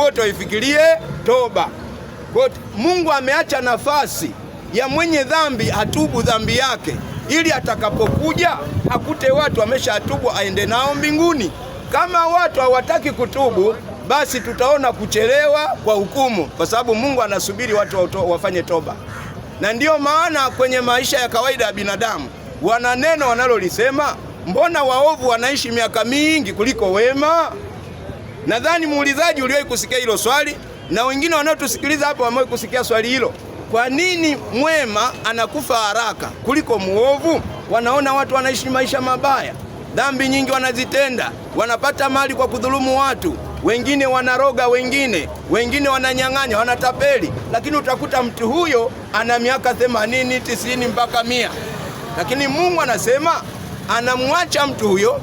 wote waifikirie toba. Kwa Mungu ameacha nafasi ya mwenye dhambi atubu dhambi yake, ili atakapokuja akute watu atubu, aende nao mbinguni. Kama watu hawataki kutubu, basi tutaona kuchelewa kwa hukumu, kwa sababu Mungu anasubiri watu wafanye toba. Na ndiyo maana kwenye maisha ya kawaida ya binadamu wana neno wanalolisema, mbona waovu wanaishi miaka mingi kuliko wema? Nadhani muulizaji uliwahi kusikia hilo swali na wengine wanaotusikiliza hapa wamewahi kusikia swali hilo. Kwa nini mwema anakufa haraka kuliko muovu? Wanaona watu wanaishi maisha mabaya, dhambi nyingi wanazitenda, wanapata mali kwa kudhulumu watu, wengine wanaroga, wengine wengine wananyang'anya, wanatapeli, lakini utakuta mtu huyo ana miaka themanini, tisini mpaka mia, lakini Mungu anasema anamwacha mtu huyo,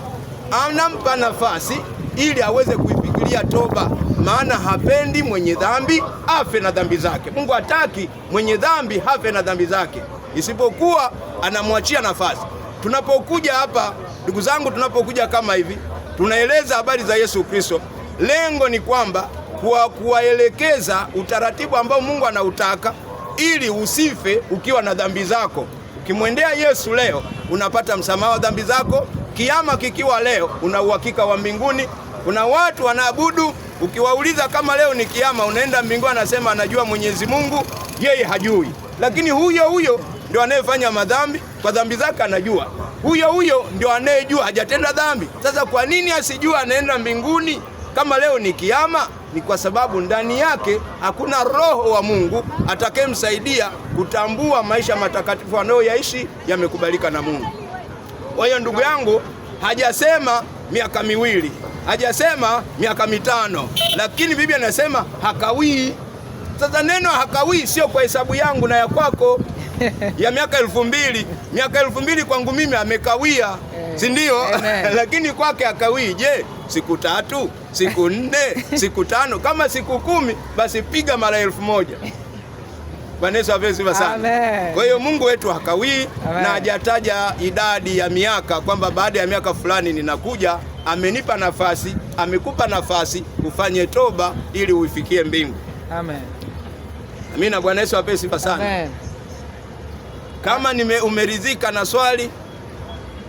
anampa nafasi ili aweze kuipa anakimbilia toba, maana hapendi mwenye dhambi afe na dhambi zake. Mungu hataki mwenye dhambi hafe na dhambi zake, isipokuwa anamwachia nafasi. Tunapokuja hapa ndugu zangu, tunapokuja kama hivi, tunaeleza habari za Yesu Kristo. Lengo ni kwamba kwa kuwaelekeza utaratibu ambao Mungu anautaka ili usife ukiwa na dhambi zako. Ukimwendea Yesu leo unapata msamaha wa dhambi zako, kiama kikiwa leo una uhakika wa mbinguni. Kuna watu wanaabudu, ukiwauliza kama leo ni kiama, unaenda mbinguni, anasema anajua Mwenyezi Mungu, yeye hajui. Lakini huyo huyo ndio anayefanya madhambi, kwa dhambi zake anajua. Huyo huyo ndio anayejua hajatenda dhambi. Sasa kwa nini asijua anaenda mbinguni kama leo ni kiama? Ni kwa sababu ndani yake hakuna Roho wa Mungu atakayemsaidia kutambua maisha matakatifu anayoyaishi yamekubalika na Mungu. Kwa hiyo ndugu yangu, hajasema miaka miwili, hajasema miaka mitano, lakini Biblia inasema hakawii. Sasa neno hakawii sio kwa hesabu yangu na ya kwako ya miaka elfu mbili miaka elfu mbili kwangu mimi amekawia, eh, si ndio? lakini kwake hakawii. Je, siku tatu, siku nne, siku tano, kama siku kumi, basi piga mara elfu moja. Bwana Yesu apewe sana. Kwa hiyo Mungu wetu hakawii na hajataja idadi ya miaka kwamba baada ya miaka fulani ninakuja. Amenipa nafasi, amekupa nafasi ufanye toba ili uifikie mbingu. Amen. Amina. Bwana Yesu apewe sifa sana. Amen. Kama nime umeridhika na swali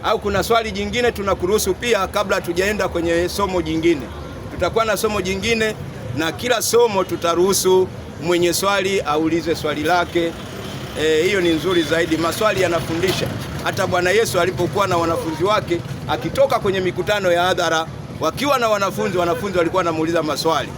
au kuna swali jingine, tunakuruhusu pia, kabla tujaenda kwenye somo jingine. Tutakuwa na somo jingine na kila somo tutaruhusu mwenye swali aulize swali lake. E, hiyo ni nzuri zaidi. Maswali yanafundisha. Hata Bwana Yesu alipokuwa na wanafunzi wake akitoka kwenye mikutano ya hadhara, wakiwa na wanafunzi, wanafunzi walikuwa wanamuuliza maswali.